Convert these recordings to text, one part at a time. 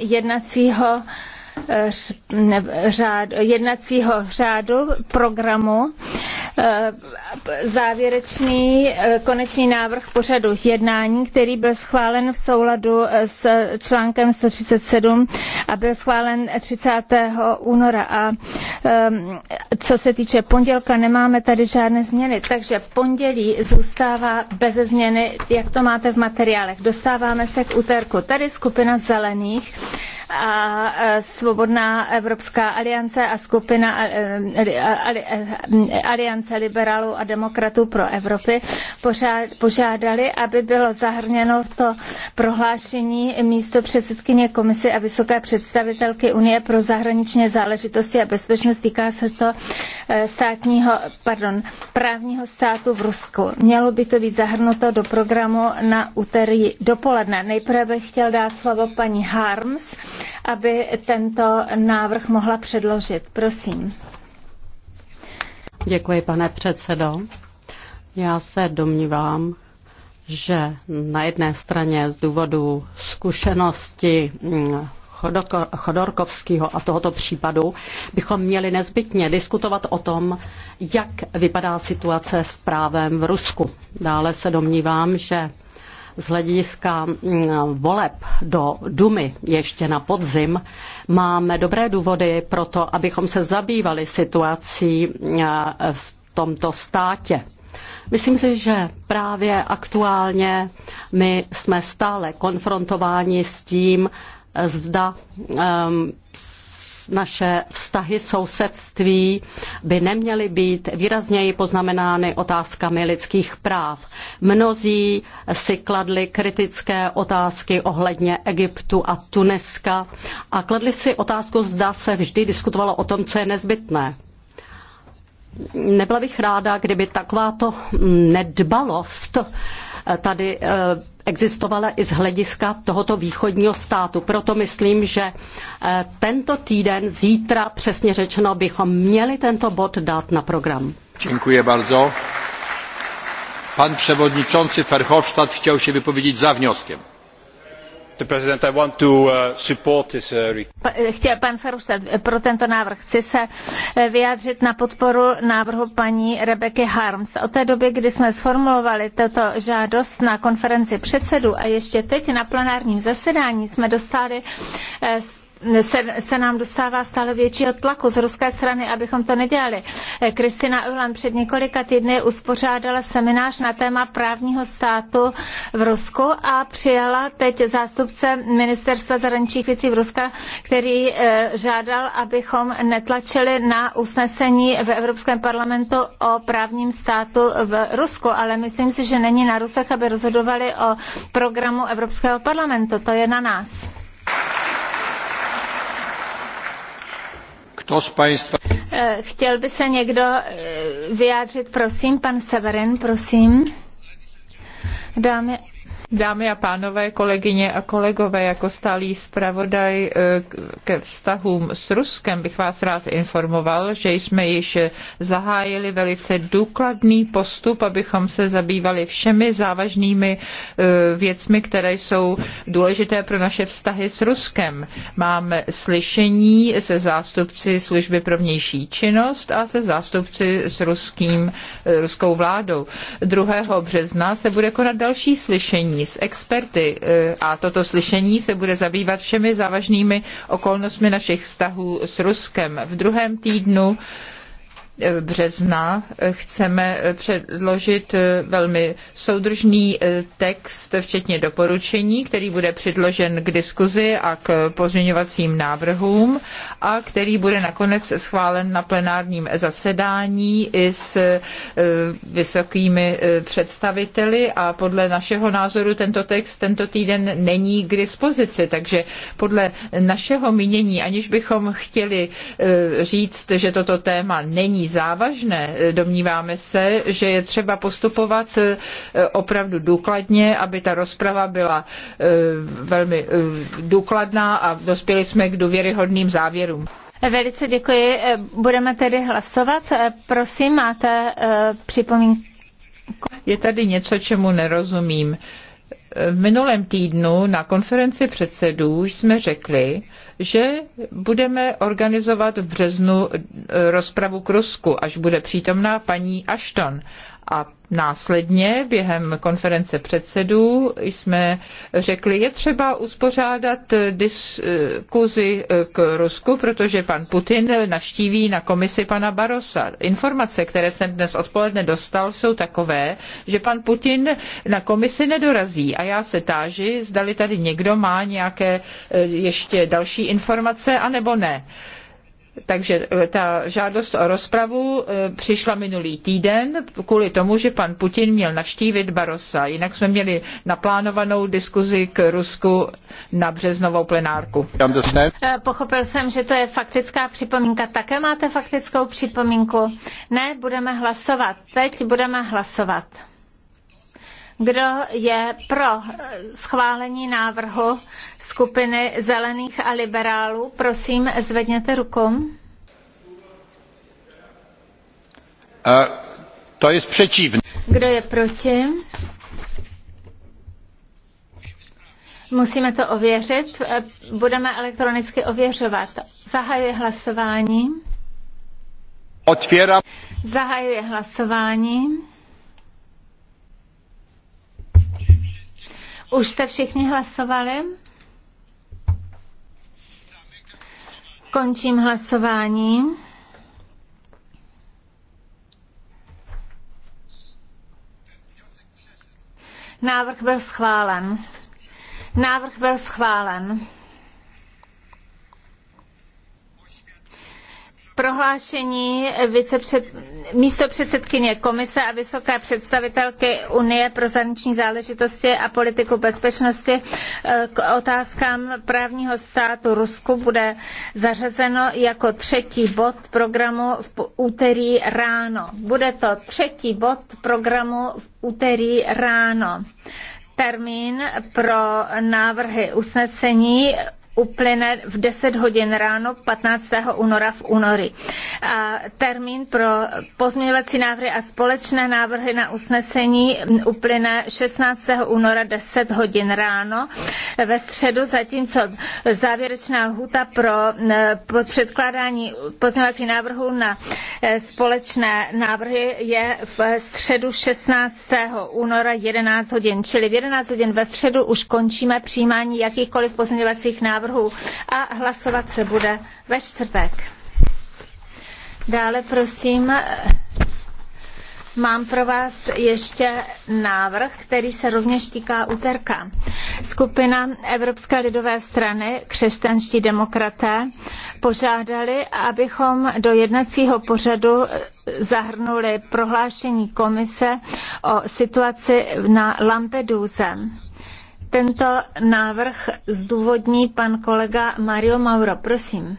jednacího eh, řádu, jednacího řádu programu Eh, závěrečný eh, konečný návrh pořadu jednání, který byl schválen v souladu eh, s článkem 137 a byl schválen 30. února. A ehm, co se týče pondělka, nemáme tady žádné změny, takže pondělí zůstává bez změny, jak to máte v materiálech. Dostáváme se k úterku. Tady skupina zelených a e, Svobodná Evropská aliance a skupina e, e, Aliance liberálů a demokratů pro Evropy požádali, aby bylo zahrněno v to prohlášení místo předsedkyně komise a vysoké představitelky Unie pro zahraničně záležitosti a bezpečnost. Týká se to státního, pardon, právního státu v Rusku. Mělo by to být zahrnuto do programu na úterý dopoledne. Nejprve bych chtěl dát slovo paní Harms, aby tento návrh mohla předložit. Prosím. Děkuji, pane předsedo. Já se domnívám, že na jedné straně z důvodu zkušenosti mm, Chodorkovského a tohoto případu bychom měli nezbytně diskutovat o tom, jak vypadá situace s právem v Rusku. Dále se domnívám, že z hlediska mm, voleb do Dumy ještě na podzim, máme dobré důvody pro to, abychom se zabývali situací mm, v tomto státě. Myslím si, že právě aktuálně my jsme stále konfrontováni s tím, zda um, naše vztahy sousedství by neměly být výrazněji poznamenány otázkami lidských práv. Mnozí si kladli kritické otázky ohledně Egyptu a Tuneska a kladli si otázku, zda se vždy diskutovalo o tom, co je nezbytné. Nebyla bych ráda, kdyby takováto nedbalost tady eh, existovala i z hlediska tohoto východního státu. Proto myslím, že eh, tento týden, zítra přesně řečeno, bychom měli tento bod dát na program. Děkuji bardzo. Pan przewodniczący Verhofstadt chciał się wypowiedzieć za wnioskiem. Pan verhofstadt eh, pro tento návrh chci se eh, vyjádřit na podporu návrhu paní Rebeky Harms. Od té doby, kdy jsme sformulovali tuto žádost na konferenci předsedů a ještě teď na plenárním zasedání jsme dostali eh, se, se nám dostává stále většího tlaku z ruské strany, abychom to nedělali. Kristina Ulan před několika týdny uspořádala seminář na téma právního státu v Rusku a přijala teď zástupce ministerstva zahraničních věcí v Ruska, který eh, žádal, abychom netlačili na usnesení v Evropském parlamentu o právním státu v Rusku, ale myslím si, že není na Rusech, aby rozhodovali o programu Evropského parlamentu. To je na nás. Kto z państwa... Eh, chtěl by se někdo eh, vyjádřit, prosím, pan Severin, prosím. Dámy Dámy a pánové, kolegyně a kolegové, jako stálý zpravodaj eh, ke vztahům s Ruskem bych vás rád informoval, že jsme již zahájili velice důkladný postup, abychom se zabývali všemi závažnými eh, věcmi, které jsou důležité pro naše vztahy s Ruskem. Máme slyšení se zástupci služby pro vnější činnost a se zástupci s ruským, eh, ruskou vládou. 2. března se bude konat další slyšení slyšení s experty eh, a toto slyšení se bude zabývat všemi závažnými okolnostmi našich vztahů s Ruskem. V druhém týdnu března chceme předložit velmi soudržný text, včetně doporučení, který bude předložen k diskuzi a k pozměňovacím návrhům a který bude nakonec schválen na plenárním zasedání i s e, vysokými e, představiteli a podle našeho názoru tento text tento týden není k dispozici, takže podle našeho mínění, aniž bychom chtěli e, říct, že toto téma není závažné. Domníváme se, že je třeba postupovat eh, opravdu důkladně, aby ta rozprava byla eh, velmi eh, důkladná a dospěli jsme k důvěryhodným závěrům. Velice děkuji. Budeme tedy hlasovat. Prosím, máte připomínku? Je tady něco, čemu nerozumím. V minulém týdnu na konferenci předsedů jsme řekli, že budeme organizovat v březnu eh, rozpravu k Rusku, až bude přítomná paní Ashton. A následně během konference předsedů jsme řekli, je třeba uspořádat diskuzi eh, k Rusku, protože pan Putin navštíví na komisi pana Barosa. Informace, které jsem dnes odpoledne dostal, jsou takové, že pan Putin na komisi nedorazí. A já se táži, zdali tady někdo má nějaké eh, ještě další informace, anebo ne. Takže e, ta žádost o rozpravu e, přišla minulý týden kvůli tomu, že pan Putin měl navštívit Barosa. Jinak jsme měli naplánovanou diskuzi k Rusku na březnovou plenárku. E, pochopil jsem, že to je faktická připomínka. Také máte faktickou připomínku? Ne, budeme hlasovat. Teď budeme hlasovat. Kdo je pro schválení návrhu skupiny zelených a liberálů, prosím, zvedněte rukou. to je sprzeciwne. Kdo je proti? Musíme to ověřit. Budeme elektronicky ověřovat. Zahajuje hlasování. Otvěra. Zahajuje hlasování. Už jste všichni hlasovali? Končím hlasování. Návrh byl schválen. Návrh byl schválen. Prohlášení vicepřed místo předsedkyně komise a vysoké představitelky Unie pro zahraniční záležitosti a politiku bezpečnosti eh, k otázkám právního státu Rusku bude zařazeno jako třetí bod programu v úterý ráno. Bude to třetí bod programu v úterý ráno termín pro návrhy usnesení uplyne v 10 hodin ráno 15. února v únory. A termín pro pozměňovací návrhy a společné návrhy na usnesení uplyne 16. února 10 hodin ráno ve středu, zatímco závěrečná lhuta eh, pro předkládání pozměňovací návrhů na eh, společné návrhy je v středu 16. února 11 hodin, čili v 11 hodin ve středu už končíme přijímání jakýchkoliv pozměňovacích návrhů návrhů a hlasovat se bude ve čtvrtek. Dále prosím, mám pro vás ještě návrh, který se rovněž týká úterka. Skupina Evropské lidové strany, křesťanští demokraté, požádali, abychom do jednacího pořadu zahrnuli prohlášení komise o situaci na Lampeduse. Tento návrh zdůvodní pan kolega Mario Mauro. Prosím.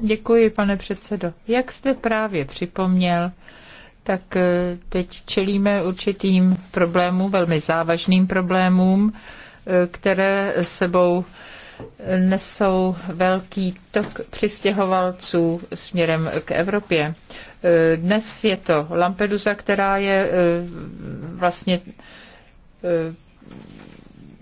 Děkuji, pane předsedo. Jak jste právě připomněl, tak eh, teď čelíme určitým problémům, velmi závažným problémům, eh, které sebou eh, nesou velký tok přistěhovalců směrem k Evropě. Dnes je to Lampedusa, která je e, vlastně e,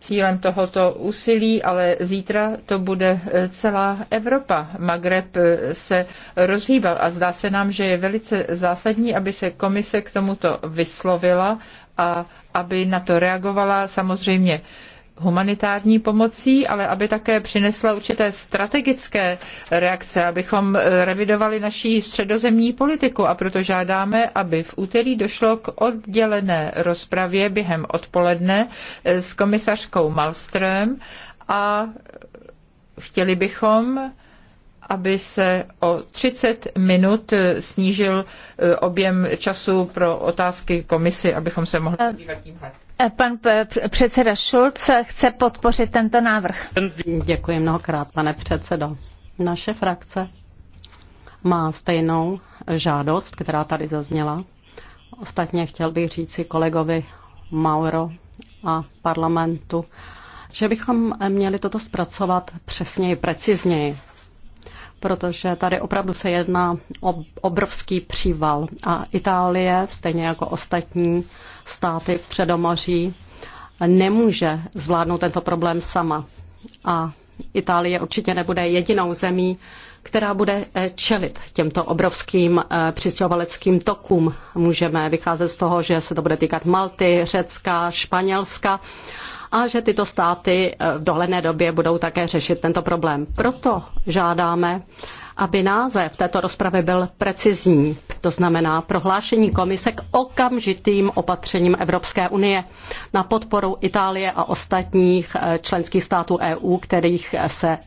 cílem tohoto úsilí, ale zítra to bude e, celá Evropa. Magreb se rozhýbal a zdá se nám, že je velice zásadní, aby se komise k tomuto vyslovila a aby na to reagovala samozřejmě humanitární pomocí, ale aby také přinesla určité strategické reakce, abychom eh, revidovali naší středozemní politiku. A proto žádáme, aby v úterý došlo k oddělené rozpravě během odpoledne eh, s komisařkou Malström a chtěli bychom, aby se o 30 minut eh, snížil objem času pro otázky komisi, abychom se mohli podívat tímhle. Pan předseda Schulz chce podpořit tento návrh. Děkuji mnohokrát, pane předsedo. Naše frakce má stejnou žádost, která tady zazněla. Ostatně chtěl bych říci kolegovi Mauro a parlamentu, že bychom měli toto zpracovat přesněji, precizněji protože tady opravdu se jedná o obrovský příval a Itálie, stejně jako ostatní státy v Předomoří, nemůže zvládnout tento problém sama. A Itálie určitě nebude jedinou zemí, která bude eh, čelit těmto obrovským eh, přistěhovaleckým tokům. Můžeme vycházet z toho, že se to bude týkat Malty, Řecka, Španělska a že tyto státy eh, v dohledné době budou také řešit tento problém. Proto žádáme, aby název této rozpravy byl precizní, to znamená prohlášení komise k okamžitým opatřením Evropské unie na podporu Itálie a ostatních eh, členských států EU, kterých eh, se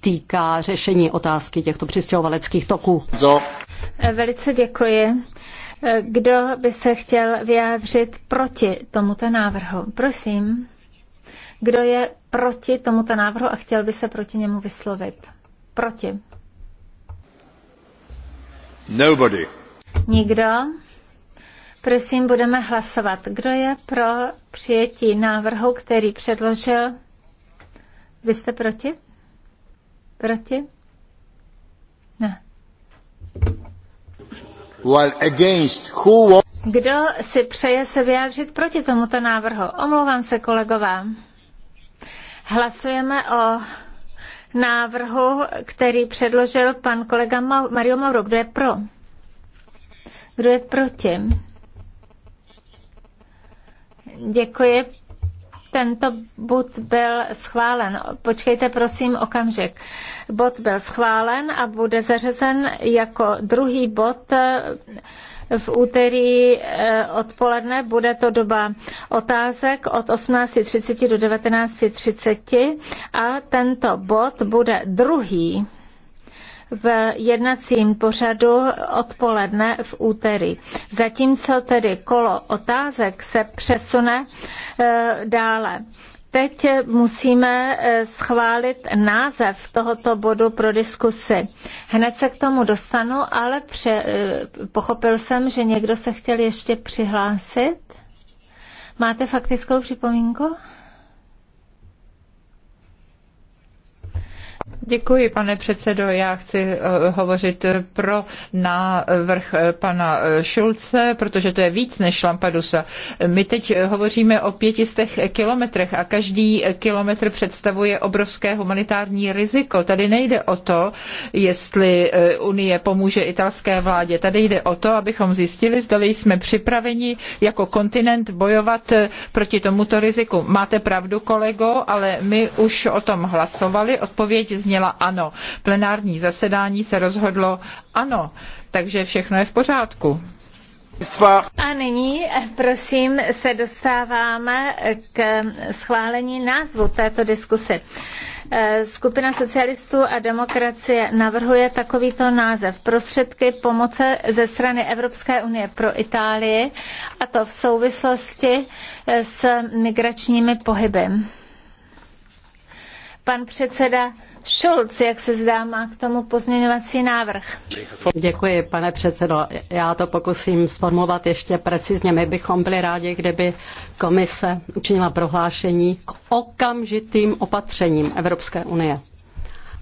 týká řešení otázky těchto přistěhovaleckých toků. Velice děkuji. Kdo by se chtěl vyjádřit proti tomuto návrhu? Prosím. Kdo je proti tomuto návrhu a chtěl by se proti němu vyslovit? Proti. Nobody. Nikdo? Prosím, budeme hlasovat. Kdo je pro přijetí návrhu, který předložil? Vy jste proti? Proti? Ne. Well, against who... Kdo si přeje se vyjádřit proti tomuto návrhu? Omlouvám se, kolegová. Hlasujeme o návrhu, který předložil pan kolega Mario Mauro. Kdo je pro? Kdo je proti? Děkuji. Tento bod byl schválen. Počkejte prosím okamžik. Bod byl schválen a bude zařazen jako druhý bod v úterý eh, odpoledne. Bude to doba otázek od 18.30 do 19.30 a tento bod bude druhý v jednacím pořadu odpoledne v úterý. Zatímco tedy kolo otázek se přesune eh, dále. Teď musíme eh, schválit název tohoto bodu pro diskusi. Hned se k tomu dostanu, ale pře- eh, pochopil jsem, že někdo se chtěl ještě přihlásit. Máte faktickou připomínku? Děkuji, pane předsedo. Já chci eh, hovořit eh, pro návrh eh, pana Šulce, protože to je víc než Lampadusa. My teď hovoříme o pětistech kilometrech a každý kilometr představuje obrovské humanitární riziko. Tady nejde o to, jestli Unie pomůže italské vládě. Tady jde o to, abychom zjistili, zda jsme připraveni jako kontinent bojovat proti tomuto riziku. Máte pravdu, kolego, ale my už o tom hlasovali. Odpověď z zazněla ano. Plenární zasedání se rozhodlo ano, takže všechno je v pořádku. A nyní, eh, prosím, se dostáváme k schválení názvu této diskuse. Eh, skupina socialistů a demokracie navrhuje takovýto název. Prostředky pomoce ze strany Evropské unie pro Itálii a to v souvislosti eh, s migračními pohyby. Pan předseda Šulc, jak se zdá, má k tomu pozměňovací návrh. Děkuji, pane předsedo. Já to pokusím sformulovat ještě precizně. My bychom byli rádi, kdyby komise učinila prohlášení k okamžitým opatřením Evropské unie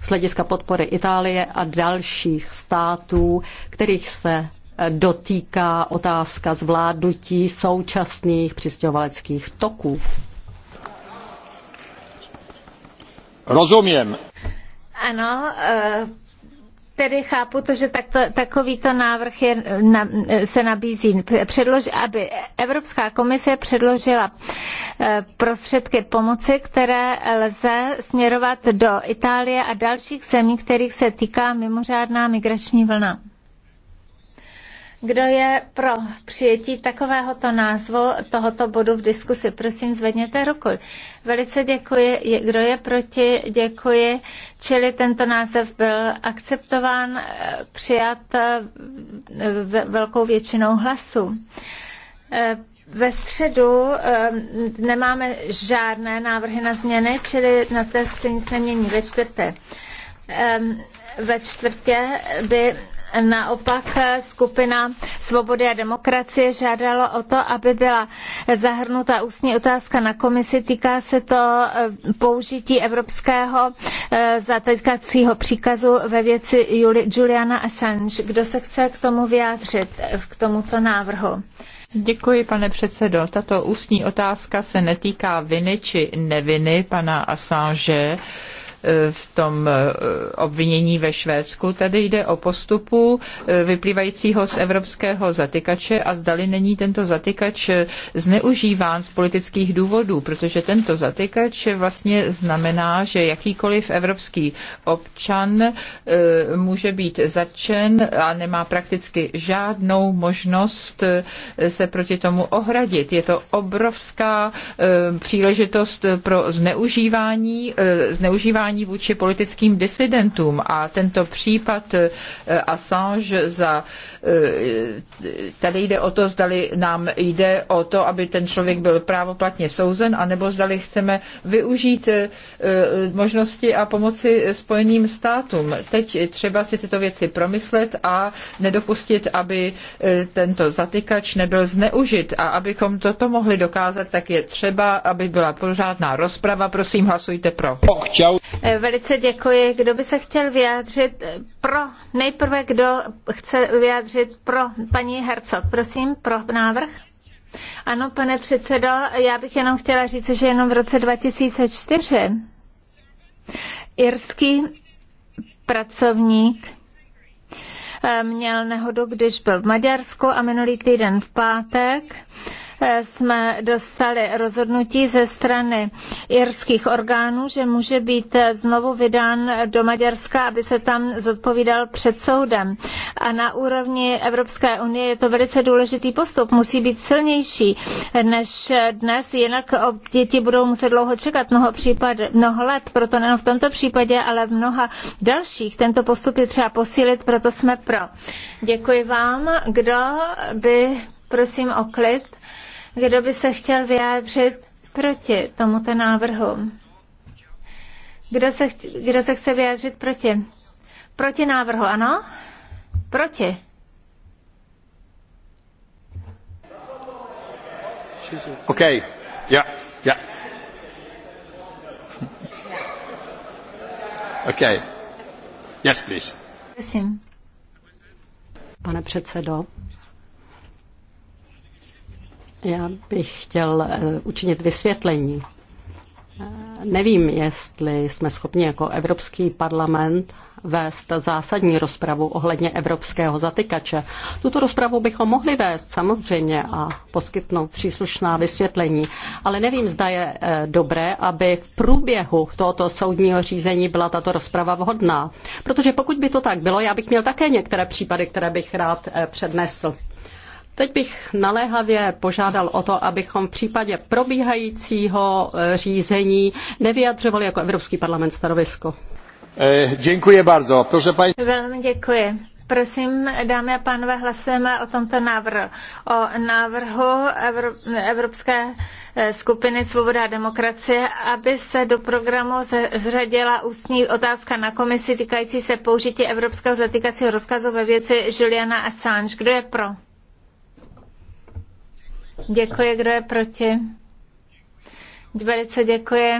z hlediska podpory Itálie a dalších států, kterých se dotýká otázka zvládnutí současných přistěhovaleckých toků. Rozumím. Ano, eh, tedy chápu to, že takto, takovýto návrh je, na, se nabízí, předlož, aby Evropská komise předložila eh, prostředky pomoci, které lze směrovat do Itálie a dalších zemí, kterých se týká mimořádná migrační vlna. Kdo je pro přijetí takovéhoto názvu tohoto bodu v diskusi? Prosím, zvedněte ruku. Velice děkuji. Kdo je proti? Děkuji. Čili tento název byl akceptován, eh, přijat eh, velkou většinou hlasů. Eh, ve středu nemáme žádné návrhy na změny, čili na té se nic nemění ve čtvrté. Ve čtvrtě by Naopak eh, skupina Svobody a demokracie žádala o to, aby byla zahrnuta ústní otázka na komisi. Týká se to eh, použití evropského eh, zatýkacího příkazu ve věci Juliana Assange. Kdo se chce k tomu vyjádřit, k tomuto návrhu? Děkuji, pane předsedo. Tato ústní otázka se netýká viny či neviny pana Assange v tom eh, obvinění ve Švédsku. Tady jde o postupu eh, vyplývajícího z evropského zatykače a zdali není tento zatykač eh, zneužíván z politických důvodů, protože tento zatykač vlastně znamená, že jakýkoliv evropský občan může být zatčen a nemá prakticky žádnou možnost se proti tomu ohradit. Je to obrovská příležitost pro zneužívání, zneužívání chování vůči politickým disidentům a tento případ eh, Assange za eh, tady jde o to, zdali nám jde o to, aby ten člověk byl právoplatně souzen, anebo zdali chceme využít eh, možnosti a pomoci Spojeným státům. Teď třeba si tyto věci promyslet a nedopustit, aby tento zatykač nebyl zneužit a abychom toto mohli dokázat, tak je třeba, aby byla pořádná rozprava. Prosím, hlasujte pro. Eh, velice děkuji. Kdo by se chtěl vyjádřit eh, pro, nejprve kdo chce vyjádřit pro paní Hercog, prosím, pro návrh. Ano, pane předsedo, já bych jenom chtěla říct, že jenom v roce 2004 irský pracovník eh, měl nehodu, když byl v Maďarsku a minulý týden v pátek jsme dostali rozhodnutí ze strany irských orgánů, že může být znovu vydán do Maďarska, aby se tam zodpovídal před soudem. A na úrovni Evropské unie je to velice důležitý postup. Musí být silnější než dnes, jinak děti budou muset dlouho čekat, mnoho, případ, mnoho let. Proto nejen v tomto případě, ale v mnoha dalších. Tento postup je třeba posílit, proto jsme pro. Děkuji vám. Kdo by, prosím o klid, kdo by se chtěl vyjádřit proti tomuto návrhu? Kdo se, kdo se chce vyjádřit proti? Proti návrhu, ano? Proti. OK. Yeah. Yeah. OK. Yes, please. Pane předsedo, já bych chtěl eh, učinit vysvětlení. Eh, nevím, jestli jsme schopni jako Evropský parlament vést zásadní rozpravu ohledně evropského zatykače. Tuto rozpravu bychom mohli vést samozřejmě a poskytnout příslušná vysvětlení, ale nevím, zda je eh, dobré, aby v průběhu tohoto soudního řízení byla tato rozprava vhodná. Protože pokud by to tak bylo, já bych měl také některé případy, které bych rád přednesl. Teď bych naléhavě požádal o to, abychom v případě probíhajícího e, řízení nevyjadřovali jako Evropský parlament stanovisko. E, děkuji bardzo. Proszę paní... Velmi děkuji. Prosím, dámy a pánové, hlasujeme o tomto návrhu. O návrhu Evropské e, skupiny Svoboda a demokracie, aby se do programu zřadila ústní otázka na komisi týkající se použití evropského zatýkacího rozkazu ve věci Juliana Assange. Kdo je pro? Děkuji, kdo je proti? Velice děkuji.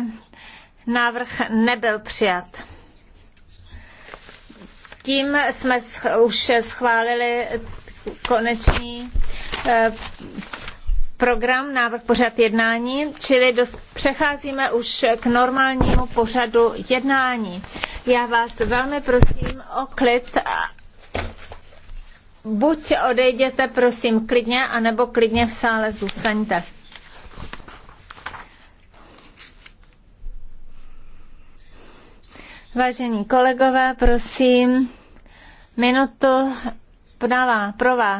Návrh nebyl přijat. Tím jsme už schválili konečný eh, program, návrh pořad jednání, čili dos- přecházíme už k normálnímu pořadu jednání. Já vás velmi prosím o klid. A- buď odejděte, prosím, klidně, anebo klidně v sále zůstaňte. Vážení kolegové, prosím, minutu podává pro vás.